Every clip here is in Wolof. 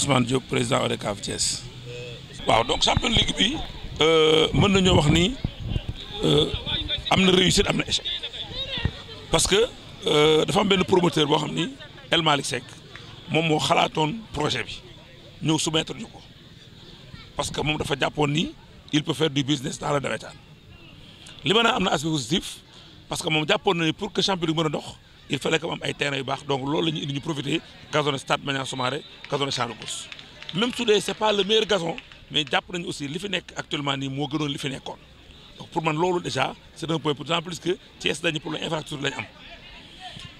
Ousmane Diop président ODCAV Thiès. waaw donc champion ligue bi euh, mën nañoo wax ni euh, am na réussite am na échec parce que euh, dafa am benn promoteur boo xam ni El Malick Seck moom moo xalaatoon projet bi ñëw soumettre ñu ko parce que moom dafa jàppoon nii il peut faire du business dans a nawetaan li ma am na aspect positif parce que moom jàppoon na ni pour que champion ligue mën a dox. il fallait que am ay terrain yu baax donc loolu la ñu indi ñu profité gazon stade Maniang Soumaré gazon champ de course même su dee c'est pas le meilleur gazon mais jàpp nañu aussi li fi nekk actuellement nii moo gënoon li fi nekkoon donc pour man loolu déjà c'est un point pour en plus que Thiès dañu problème infrastructure lañu am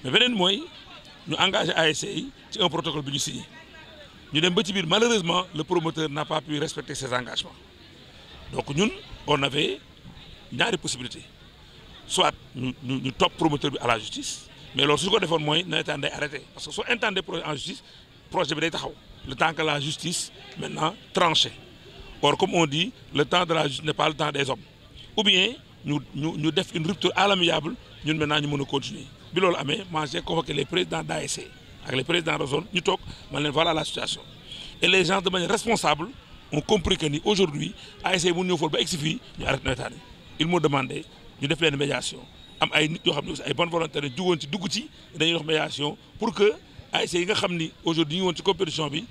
mais beneen mooy ñu engagé ASC ci un protocole bi ñu signé ñu dem ba ci biir malheureusement le promoteur n'a pas pu respecter ses engagements donc ñun on avait ñaari possibilités soit ñu ñu topp promoteur bi à la mais loolu su ko defoon mooy nawetaan day arrêté parce que soo intentee projet en justice projet bi day taxaw le temps que la justice maintenant tranché or comme on dit le temps de la justice n'est pas le temps des hommes ou bien ñu ñu ñu def une rupture à l'amiable ñun maintenant ñu mun a continuer bi loolu ame mange j'ai convoqué les présidents d'ASC ak les présidents de ñu toog man leen voilà la situation et les gens de manière responsable ont compris que ni au ASC mun ñëw fool ba egsi fii ñu arrêté nawetaan yi ñu def leen médiation am ay nit yoo xam ne aussi ay bonne volonté dañ jugoon ci dugg ci dañuy wax médiation pour que ASC yi nga xam ni aujourd'hui ñu woon ci compétition bi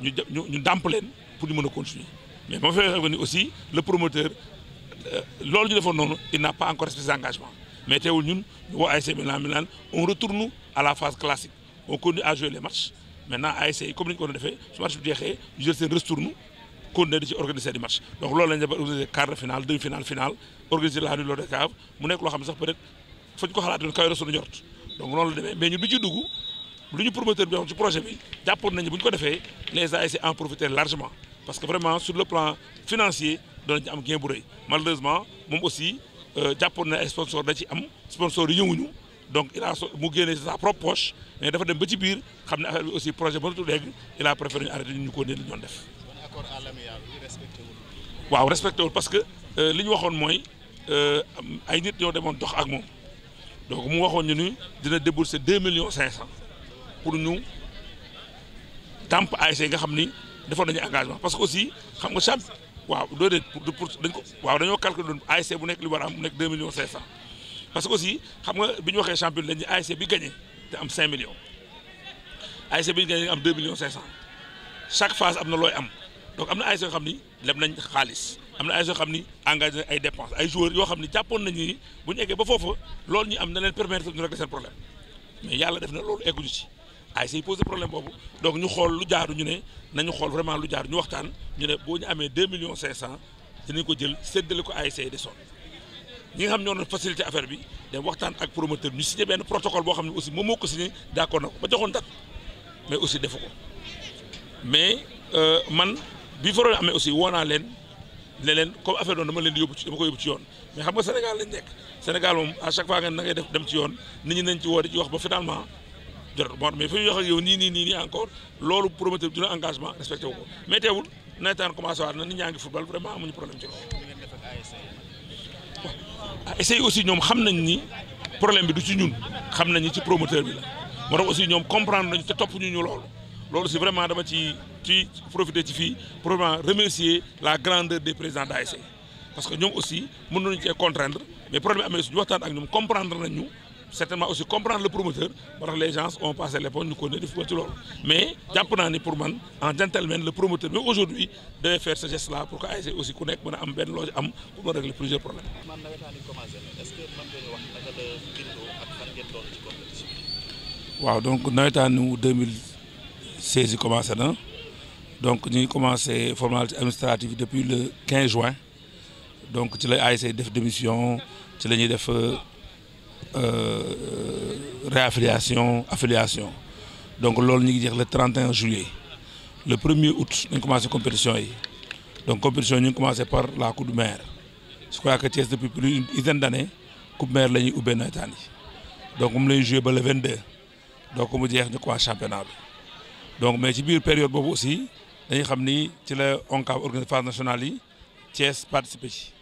ñu ñu ñu dàmp leen pour ñu mën a continuer mais ba ma fay waxee ni aussi le promoteur euh, loolu ñu defoon noonu il n'a pas encore respecté engagement mais teewul ñun ñu woo ASC Milan Milan on retourne à la phase classique on continue à jouer les matchs maintenant ASC yi comme ni ñu ko doon su match bi jeexee ñu seen retourne continuer de finale organiser la xamni loolu de cave mu nekk loo xam ne sax peut être fañ ko xalaat doon kawe suñu njort donc noonu la demee mais ñun du ci dugg lu ñu promoteur bi wax ci projet bi jàppoon nañu bu ñu ko defee les ASC en profiter largement parce que vraiment sur le plan financier danañu am gain bu malheureusement moom aussi euh, jàppoon na ay sponsor da ci am sponsor yi ñëwuñu donc il a mu génne sa propre poche mais dafa dem ba ci biir xam ne affaire bi aussi a préféré ñu arrêté ñu ko ne li ñu doon def. waaw respecté wul que euh, li ñu waxoon mooy. Euh, ay nit ñoo demoon dox ak moom donc mu waxoon ñu ni dina débourser deux millions cinq cent pour ñu tàmp ASC nga xam ni defoon nañu engagement parce que aussi xam nga champ waaw déedéet pour pour dañ ko waaw dañoo bu nekk li war a am mu nekk deux cinq cent parce que aussi xam nga bi ñu waxee champion dañ ne bi am cinq millions ASC bi gagné am deux millions cinq cent chaque phase am na looy am donc am na ASC yoo xam ni leb nañ xaalis am na ay soo xam ni engagé ay dépenses ay joueurs yoo xam ni jàppoon nañu ni bu ñu eggee ba foofu loolu ñu am na leen permettre ñu régler seen problème mais yàlla def na loolu egguñu ci ay say posé problème boobu donc ñu xool lu jaaru ñu ne nañu xool vraiment lu jaaru ñu waxtaan ñu ne boo ñu amee deux millions cinq cent dinañ ko jël séddale ko ASC Dessone ñi nga xam ñoo doon facilité affaire bi dem waxtaan ak promoteur ñu signé benn protocole boo xam ne aussi moom moo ko signé d' accord na ko ba joxoon date mais aussi defu mais euh, man bi fa amee aussi woo naa leen. ne comme affaire doon dama leen di yóbbu ci dama ko yóbbu ci yoon mais xam nga Sénégal lañ nekk Sénégal moom à chaque fois nga na ngay def dem ci yoon nit ñi nañ ci woo di ci wax ba yow nii nii nii nii encore loolu promoteur dina engagement respecté wu ko mais teewul nawetaan commencé waat na nit ñaa ngi football vraiment amuñu problème ci loolu. essayé aussi ñoom xam nañ ni problème bi du ci ñun xam nañ ci promoteur bi la moo tax aussi ñoom comprendre nañu te topp ñu ñu loolu. loolu si vraiment dama ci ci profiter ci fii pour vraiment la grandeur des présidents d'ASC parce que ñoom aussi mën nañu cee contraindre mais problème amee suñu waxtaan ak ñoom comprendre nañ ñu certainement aussi comprendre le promoteur moo tax les gens ont passé l'éponge ñu ko ne def ko ci loolu mais jàpp naa ni pour man en gentleman le promoteur mais aujourd'hui devait faire ce geste là pour que ASC aussi ku nekk mën a am benn loo am pour mën a régler plusieurs waaw donc nawetaanu 2000. saisie commencé na donc ñu ngi commencé formalité administrative depuis le 15 juin donc ci la ASC def démission ci la ñuy def euh, euh, réaffiliation affiliation donc loolu ñu ngi jeex le 31 juillet le premier août nañ commencé compétition yi donc compétition ñu ngi commencé par la coupe du maire je crois que Thiès depuis plus une dizaine d'années coupe maire la ñuy ubbee nawetaan yi donc moom la ñuy joué ba le 22 donc mu jeex ñu commencé championnat donc mais ci biir période boobu aussi dañuy xam ni ci la ONCAV organise phase nationale yi Thiès participé ci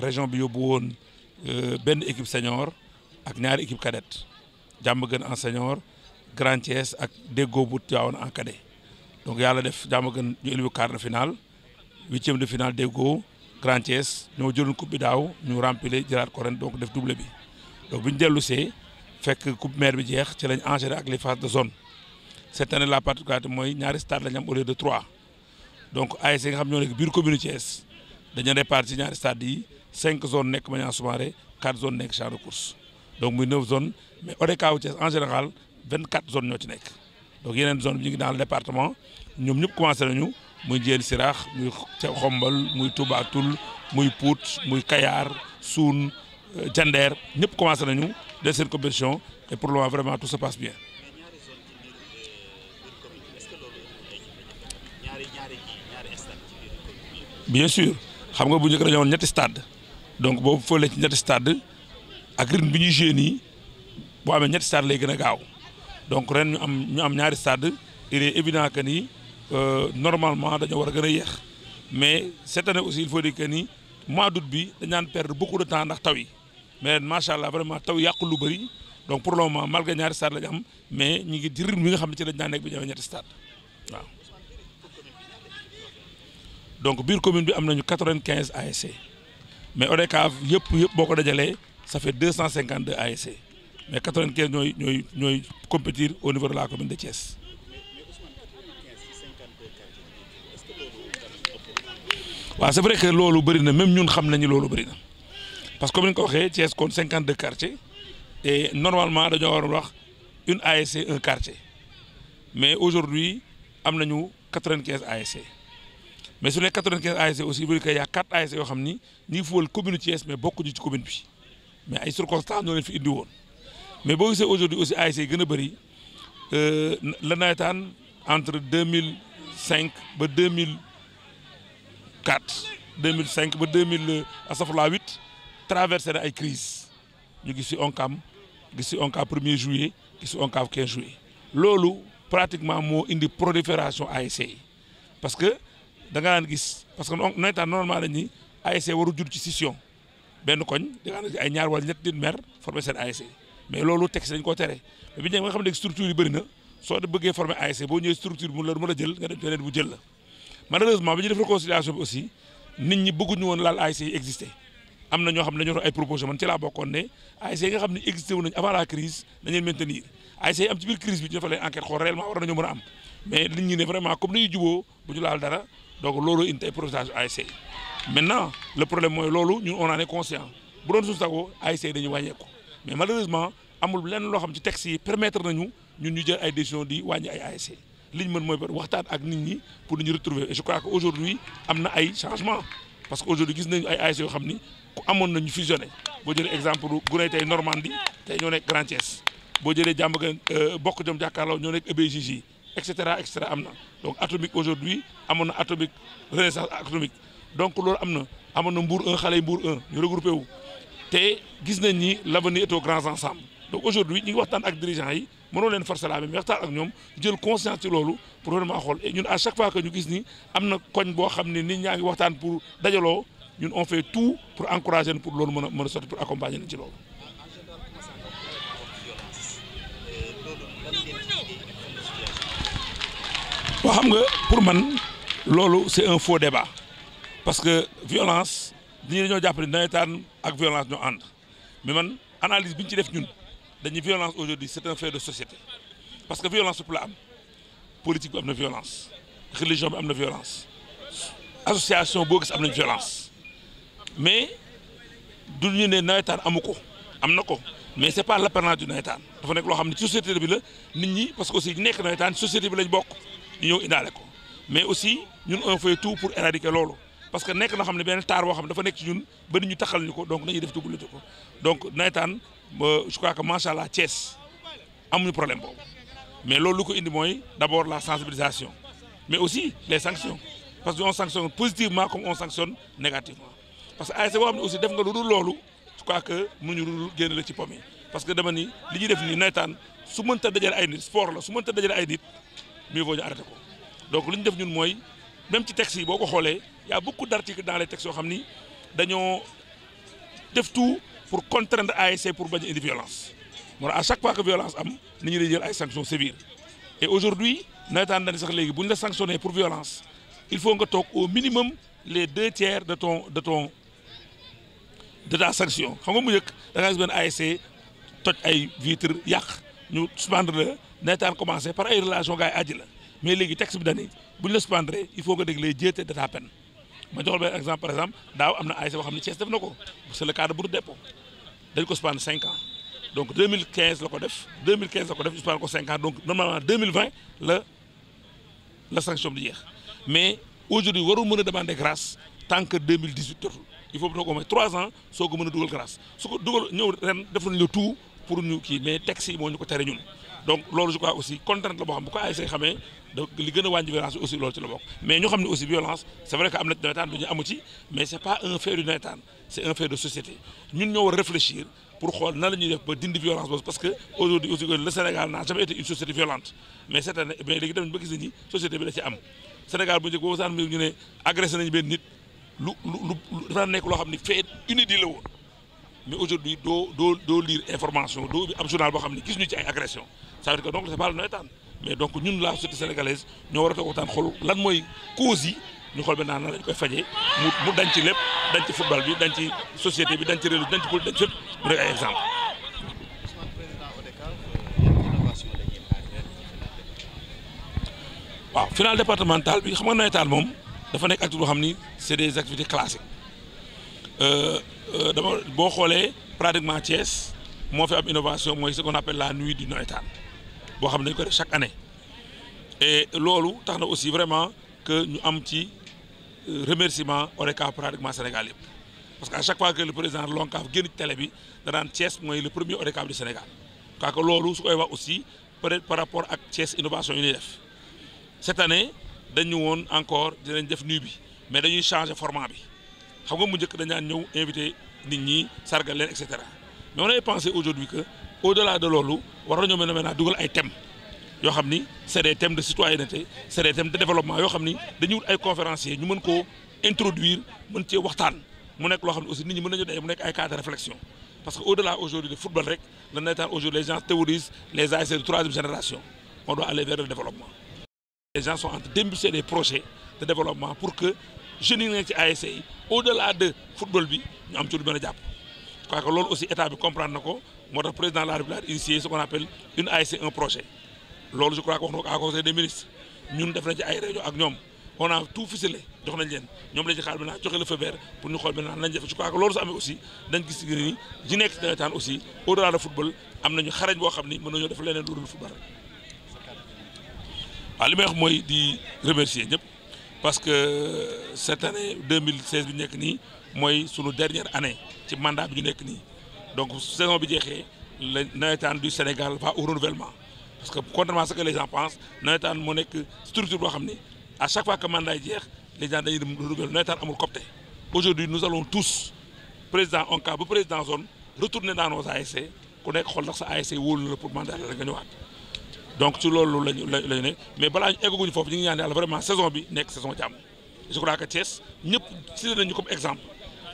région bi yóbbu woon euh, benn équipe senior ak ñaari équipe cadette jàmm gën en ak déggoo bu Tivaouane en cadet donc yàlla def jàmm gën ñu éliwu quart de finale huitième de finale déggoo Grand Thiès ñoo jëloon coupe bi daaw ñu rempile jëlaat ko ren donc def double bi donc bi ñu dellu see fekk coupe maire bi jeex ci lañ enchaîné ak les phases de zone cette année la particularité mooy ñaari stade la ñu am au lieu de trois donc ASC nga xam ñoo nekk biir commune Thiès dañu répartir ñaari stades yi cinq zones nekk ma Maniang Soumaré quatre zones nekk champ de course donc muy neuf zones mais ODCAV Thiès en général vingt quatre zones ñoo ci nekk donc yeneen zone bi ñu ngi dans le département ñoom ñëpp commencé nañu muy Diène Siraax muy Xombal muy Touba Toul muy Pout muy Kayar Suun Diender euh, ñëpp commencé nañu def seen compétition et pour le vraiment tout se passe bien sûr xam nga bu njëkk dañoo woon ñetti stade donc boobu foo ci ñetti stade ak rythme bi ñuy joué nii boo amee ñetti stade lay gën a gaaw donc ren ñu am ñu am ñaari stade il est évident que ni euh, normalement dañoo war a gën a yéex mais cette année aussi il faut dire que ni mois d'août bi ñaan perdre beaucoup de temps ndax taw yi mais macha allah vraiment taw yàqu lu bëri donc pour le moment malgré ñaari stade la am mais ñu ngi ci rythme nga xam ne ci lañ daan nekk bi ñu amee ñetti stade waaw. donc biir commune bi am nañu quatre-vingt-quinze ASC mais ODCAV yëpp yëpp boo ko dajalee ça fait deux cinquante ASC mais quatre-vingt-quinze ñooy ñooy ñooy compétir au niveau de la commune de Thiès. waaw c'est vrai que loolu bëri na même ñun xam nañu loolu bëri na parce que comme ni nga ko waxee Thiès kon cinquante deux quartiers et normalement dañoo war wax une ASC un quartier mais aujourd'hui am nañu quatre-vingt-quinze ASC. mais sur les quatre-vingt-quinze ASC e aussi il veut dire que y' a quatre ASC e yoo xam ni ñu ngi football commune Thiès mais bokkuñu ci commune mais ay circonstances ñoo leen mais boo gisee aujourd'hui aussi ASC e yi gën a bëri euh, la nawetaan entre deux mille cinq ba deux mille quatre deux mille cinq ba deux mille euh, astafurlah huit traversé na ay crises ñu gis si Oncam gis si Oncam premier juillet gis on Oncam quinze juillet loolu pratiquement moo indi prolifération ASC parce que. danga naan gis parce que nawetaan normalement dañ ni ASC ñaar wala loolu texte dañ koo tere mais xam ne structure yi bëri na soo de bëggee boo ñëwee structure bi ñu def réconciliation bi aussi ñi bëgguñu woon laal ASC na ñoo xam ne dañoo ay proposition man ci laa bokkoon ne ASC yi nga xam ne existé wu nañ avant la crise dañ leen maintenir ASC yi am ci biir crise war nañoo mën a am mais nit ñi ne vraiment comme nañu juboo bu ñu dara donc loolu indi ay protestage ASC maintenant le problème mooy loolu ñun on en est conscient bu doon suñu sago ASC dañuy wàññeeku mais malheureusement amul lenn loo xam ci texte yi permettre nañu ñun ñu jël ay décision di wàññi ay ASC li ñu mën mooy waxtaan ak nit ñi pour ñu retrouver et je crois que aujourd'hui am na ay changement parce que aujourd'hui gis nañu ay ASC yoo xam ni amoon nañu fusionné boo jëlee exemple Guney tey Normandie tey ñoo nekk Grand Thiès boo jëlee jàmm euh, bokk jom jàkkaarloo ñoo nekk EBJJ et cetera et cetera am na donc atomique aujourd'hui amoon na atomique renaissance atomique donc loolu am na amoon na mbuur un xale yi ñu regroupé wu te gis nañ ni l'avenir est aux grands ensembles donc aujourd'hui ñu ngi waxtaan ak dirigeants yi mënoo leen forcer la mais waxtaan ak ñoom jël conscience ci loolu pour vraiment xool et ñun à chaque fois que ñu gis ni am na koñ boo xam ne nit ñaa ngi waxtaan pour dajaloo ñun on fait tout pour encourager pour loolu mën a mën a sotti pour accompagner nañ ci waa xam nga pour man loolu c'est un faux débat parce que violence ñi dañoo jàpp ne nawetaan ak violence ñoo ànd mais man analyse bi ñu ci def ñun dañuy violence aujourd'hui c'est un fait de société parce que violence fépp la am politique bi am na violence religion bi am na violence association boo gis am nañ violence mais du ñu ne nawetaan amu ko am na ko mais c'est pas l'apanage du nawetaan dafa nekk loo xam ne ci société bi la nit ñi bokk di ñëw indaale ko mais aussi ñun on fait tout pour éradiquer loolu parce que nekk na xam ne benn taar boo xam ne dafa nekk ci ñun ba nit ñu taxal ñu ko donc nañuy def duggalati ko donc nawetaan euh, je crois que macha allah Thiès amuñu problème boobu mais loolu ko indi mooy d' abord la sensibilisation mais aussi les sanctions parce que on sanctionne positivement comme on sanctionne négativement parce que ASC e aussi def nga lu dul loolu que mënuñu lu génn la ci pomme parce que dama ni li ñuy def nii nawetaan su mënta dajale ay nit sport la su mënta dajalee ay nit. mieux vaut ñu arrêté ko donc li ñu def ñun mooy même ci texte yi boo ko xoolee y a beaucoup d'articles dans les textes yoo xam ni dañoo def tout pour contraindre ASC pour bañ a indi violence moo à chaque fois que violence am ni ñu lay jël ay sanctions sévères et aujourd'hui nawetaan dañ sax léegi bu ñu la sanctionné pour violence il faut nga toog au minimum les deux tiers de ton de ton de ta sanction xam nga mu njëkk da ngaa gis benn ASC toj ay vitres yàq ñu suspendre nawetaan commencé par ay relation gars yi àjji la mais léegi texte bi dañuy bu ñu la suspendre il faut nga dégg les jéete de ta peine ma joxol benn exemple par exemple daaw am na ASC boo xam ne Thiès def na ko c'est le cas de Bour Dépôt dañ ko suspendre 5 ans donc 2015 la ko def 2015 la ko def suspendre ko 5 ans donc normalement 2020 la la sanction bi di jeex mais aujourd'hui warul mën a demander grâce tant que 2018 jotul il faut que ko may 3 ans soo ko mën a dugal grâce su ko dugal ñëw ren defuñu le tout pour ñu kii mais texte yi moo ñu ko tere ñun. donc loolu je crois aussi contrainte la boo xam bu ko ASC xamee donc li gën a wàññi violence aussi loolu ci la bokk mais ñu xam ne aussi violence c' vrai que am na nawetaan du amu ci mais c' pas un fait du nawetaan c' un fait de société ñun ñoo war réfléchir pour xool nan la def ba dindi violence boobu parce que aussi le Sénégal n'a jamais été une société violente mais cette année mais léegi tamit ba gis nañu société bi da ci am Sénégal bu ñu ne loo xam ne fait mais aujourd'hui doo doo doo lire information doo bi am journal boo xam ne gis ñu ci ay agression ça veut dire que donc c'est pas le nawetaan mais donc ñun la société sénégalaise ñoo war a toog waxtaan lan mooy cause yi ñu xool maintenant nan lañ koy fajee mu mu dañ ci lépp dañ ci football bi dañ ci société bi dañ ci réew dañ ci politique dañ ci fépp mu nekk ay exemple waaw final départemental bi xam nga nawetaan moom dafa nekk acte boo xam ni c'est des activités classiques euh, Euh, dama boo xoolee pratiquement Thiès moo fi am innovation mooy ce qu'on appelle la nuit du nawetaan boo xam ne dañ ko def chaque année e loolu tax na aussi vraiment que ñu am ci euh, remerciement ORECA pratiquement Sénégal yëpp parce que à chaque fois que le président Lonkaaf génn ci télé bi danaan Thiès mooy le premier ORECA du Sénégal kaaka loolu su koy wax aussi peut-être par rapport ak Thiès innovation yi ñuy def cette année dañu woon encore dinañ def nuit bi mais dañuy changer format bi xam nga mu njëkk dañ daan ñëw invité nit ñi sargal et cetera mais on a pensé aujourd'hui que au delà de loolu war nañoo mën a dugal ay thèmes yoo xam ni c'est des thèmes de citoyenneté c'est des thèmes de développement yoo xam ni dañuy wut ay conférenciers ñu mën koo introduire mën cee waxtaan mu nekk loo xam ne aussi nit ñi mën nañu daje mu nekk ay cas de réflexion parce que au delà aujourd'hui de football rek la nawetaan aujourd'hui les gens théorisent les ASC de de développement pour que jeunes yi nekk ci ASC yi au delà de football bi ñu am ci a que loolu aussi bi comprendre na ko moo tax président de la République initié ce qu'on appelle une ASC un projet loolu je crois wax na ko à conseil des ministres ñun def nañ ñoom leen ñoom lañ ci xaar maintenant joxe le feu pour ñu xool maintenant nañ def je crois que loolu su amee aussi dañ gis gën ni ji nekk ci nawetaan aussi au delà de football am nañu xarañ boo xam ni mën nañoo def leneen lu dul football waaw li may mooy di remercier ñëpp. parce que euh, cette année 2016 bi nekk nii mooy sunu dernière année ci mandat bi ñu nekk nii donc saison bi jeexee la nawetaan du Sénégal va au renouvellement parce que contrairement à ce que les gens pensent nawetaan moo nekk structure boo xam ni à chaque fois que mandat yi jeex les gens dañuy dem renouvellement nawetaan amul copte aujourd'hui nous allons tous président ONCAV ba président zone retourner dans nos ASC ku nekk xool ndax sa ASC wóolu na la pour mandat la nga ñëwaat donc ci loolu lañu lañu ne mais balaa ñu eggaguñu foofu ñu ngi ñaan yàlla vraiment saison bi nekk saison jàmm je crois que Thiès ñëpp cité nañu comme exemple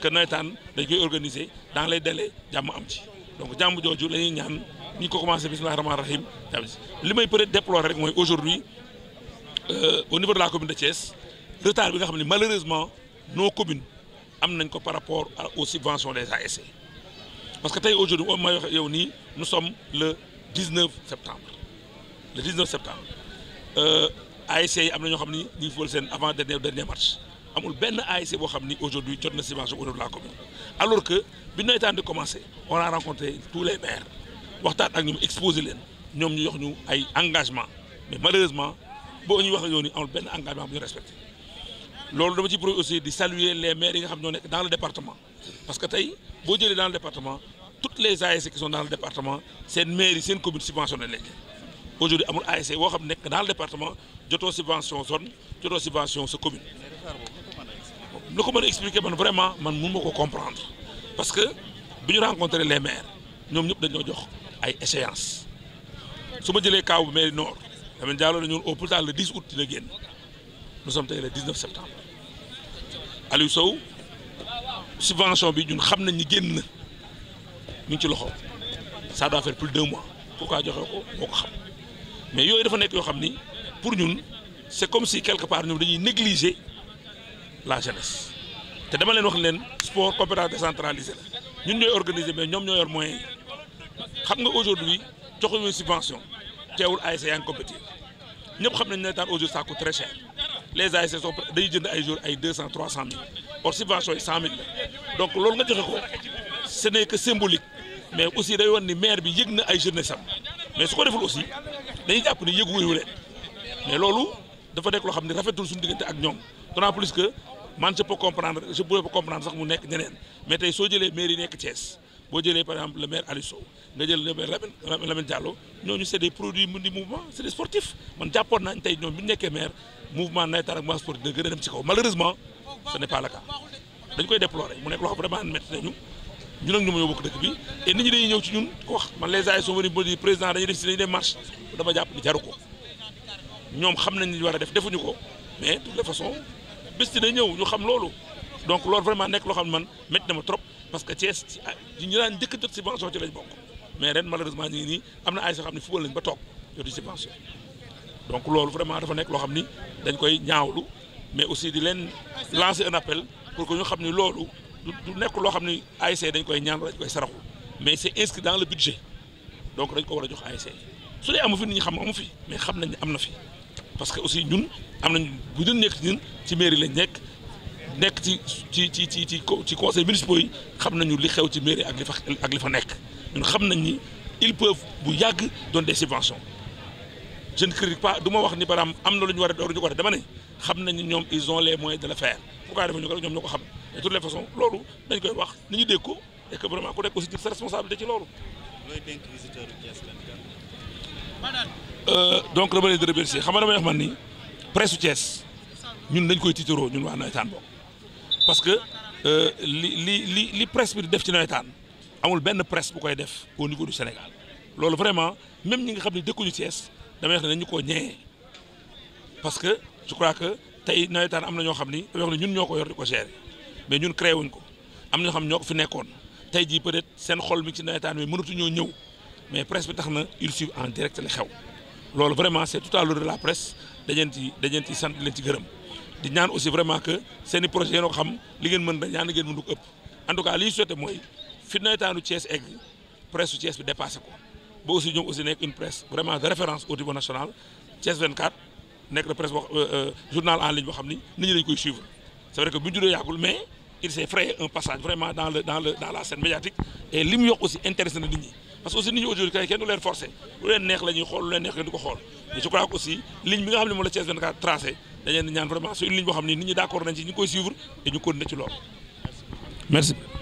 que nawetaan dañ koy organiser dans les délais jàmm am ci donc jàmm jooju la ñuy ñaan ñu ko commencé bisimilah rahmaani rahim jàmm ci li may peut être déplorer rek mooy aujourd'hui euh, au niveau de la commune de Thiès retard bi nga xam ne malheureusement nos commune am nañ ko par rapport a subventions des ASC e. parce que tey aujourd'hui hui may wax yow nii nous sommes le 19 septembre. le 19 septembre euh, ASC am na ñoo xam ni ñu ngi seen avant dernier dernier match amul benn ASC boo xam ni aujourd'hui jot na subvention au niveau de la commune alors que bi nawetaan di commencé on a rencontré tous les maires waxtaan ak ñoom exposé leen ñoom ñu jox ñu ay engagement mais malheureusement boo ñuy wax ak yow nii amul benn engagement bu ñu respecté loolu dama ci pro di saluer les maires yi nga xam ñoo nekk dans le département parce que tey boo jëlee les ASC qui sont dans le seen maires yi seen commune aujourd'hui amul ASC boo e xam ne nekk dans le département jotoo subvention zone jotoo subvention sa commune lu ko mën a expliquer man vraiment man mun ma ko comprendre parce que bi ñu rencontré les maires ñoom ñëpp dañoo jox ay échéances su ma jëlee kaaw bu mairie nord dama jàlloo na ñun au plus tard le 10 août dina génn nous sommes tey le 19 septembre Aliou Sow subvention bi ñun xam nañ ni génn na ñu ngi ci loxo ça doit faire plus de deux mois pourquoi joxe ko ko xam mais yooyu dafa nekk yoo xam ni pour ñun c'est comme si quelque part ñun dañuy négliger la jeunesse te dama leen wax leen sport compétence décentralisée la ñun ñooy organiser mais ñoom ñoo yor moyens yi xam nga aujourd'hui joxuñu subvention teewul ASC yaa ngi compétir ñëpp xam nañ ne daal aujourd'hui ça coûte très cher les ASC sont dañuy jënd ay jours ay deux cent trois cent mille or subvention yi donc loolu nga joxe ko ce n'est que symbolique mais aussi day wan ni maire bi yëg na ay jeunesse am mais su ko deful aussi dañuy jàpp ni yëgu wuyu mais loolu dafa nekk loo xam ne rafetul suñu diggante ak ñoom d'autant que man je peux comprendre je peux sax mu nekk ñeneen mais tey soo jëlee maire yi nekk Thiès boo jëlee par exemple le maire Aliou Sow nga jël le maire Lamine Lamine Diallo ñooñu c'est des produits du mouvement c'est des sportifs man jàppoon nañ tey ñoom bi ñu nekkee maire mouvement nawetaan ak mouvement sportif a dem ci kaw malheureusement ce n'est pas le cas dañ koy déplorer mu nekk loo xam vraiment métti ñun ak ñu ma ñoo bokk dëkk bi nit ñi dañuy ñëw ci ñun ko wax man les ASC soo bëri président dañuy def si dañuy dem marche dama jàpp ni jaru ko ñoom xam nañ li war a def defuñu ko mais de toute ñëw ñu xam loolu donc loolu vraiment nekk loo xam ne man métti na ma trop parce que ñu daan njëkk jot subvention lañ mais ren malheureusement ñu nii am na ay soo xam ne football lañ ba toog jotuñ subvention donc loolu vraiment dafa nekk loo xam ni dañ koy ñaawlu mais aussi di leen lancer un appel pour que ñu xam ni loolu. du nekk loo xam ne ASC dañ koy ñaan dañ koy saraxu mais c' est inscrit dans le budget donc dañ ko war a jox ASC su dee amu fi nit ñi xam amu fi mais xam nañ ne am na fi parce que aussi ñun am nañ bu ñu nekk ñun ci mairie lañ nekk nekk ci ci ci ci ci ci conseil municipal yi xam nañu li xew ci mairie ak li fa ak li fa nekk ñun xam nañ ni ils peuvent bu yàgg doon des subventions je ne critique pas du ma wax ni baraam am na lu ñu war a door ñu ko def dama ne xam nañ ñoom ils ont les moyens de le faire bu ko defee ñu ko ñoom ñoo ko xam. de toutes les loolu dañ koy wax ni ñu dégg ko et que vraiment ku nekk aussi jël sa responsabilité ci loolu. looy euh, donc dama leen di xam nga damay ma man ni presse su ñun dañ koy tiitaroo ñun waa nawetaan bokk parce que euh, li li li li presse bi di def ci nawetaan amul benn presse bu koy def au niveau du Sénégal loolu vraiment même ñi nga xam ne dëkkuñu Thiès damay wax ne dañu koo ñëwee parce que je crois que tey nawetaan am na ñoo xam ni damay wax ne ñun ñoo ko yor di ko gérer. mais ñun créé wuñ ko am na xam ñoo ko fi nekkoon tey jii peut-être seen xol mi ci nawetaan bi mënatuñoo ñëw mais presse bi tax na ils suivent en direct la xew loolu vraiment c'est tout à l'heure de la presse dañeen ci dañeen leen ci gërëm di ñaan aussi vraiment que seen i projet yéen ko xam li ngeen mën da ñaan ngeen mën ko ëpp en tout cas li ñu souhaité mooy fi nawetaanu Thiès egg presse su bi dépassé ko ba aussi ñoom aussi nekk une presse vraiment de euh, euh, xam ni nit ñi c'est vrai que bu ñu juddoo yàggul mais il s'est frayé un passage vraiment dans la scène médiatique et li yokk aussi intéressé na nit ñi parce que aussi nit ñi aujourd'hui kenn du leen forcé lu leen neex la xool lu leen neex kenn du xool mais je crois que aussi ligne bi nga xam ne moom la Thiès 24 tracé vraiment c'est une boo xam ne nit ñi d'accord nañ ci ñu koy suivre et ñu continuer ci loolu